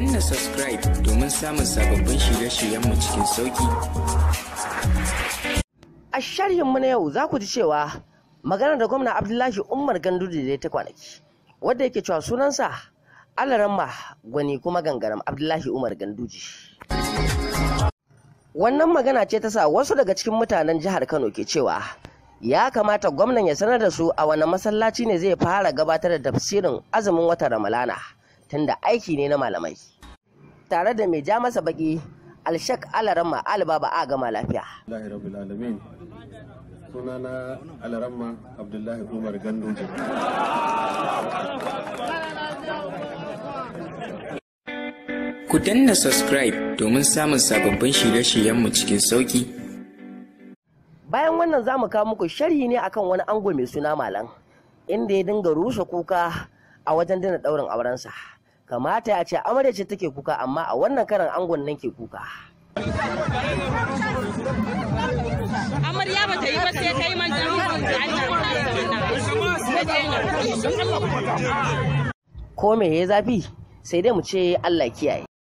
danna subscribe domin samun sababbin shirye-shiryenmu cikin sauki A mu na yau za ku ji cewa magana da gwamna Abdullahi Umar Gandudu da ta kwanaki, wadda yake cewa sunansa Alaramma gwani kuma gangaram Abdullahi Umar Ganduji. Wannan magana ce ta sa wasu daga cikin mutanen jihar Kano ke cewa ya kamata gwamnan ya sanar da su a wani masallaci ne zai fara gabatar da tafsirin azumin watan Ramalana. tunda aiki ne na malamai tare da mai ja masa baki alshak alaramma alibaba a gama lafiya sunana alaramma abdullahi umar gandoji ku danna subscribe domin samun sababbin shirye-shiryenmu cikin sauki bayan wannan za mu kawo muku sharhi ne akan wani ango mai suna malam inda ya dinga rushe kuka a wajen dina daurin aurensa. kamata a ce amarya ce take kuka amma a wannan karan angon nan ke kuka amarya ba ta yi ba sai kai man ko me ya zafi sai dai mu ce Allah kiyaye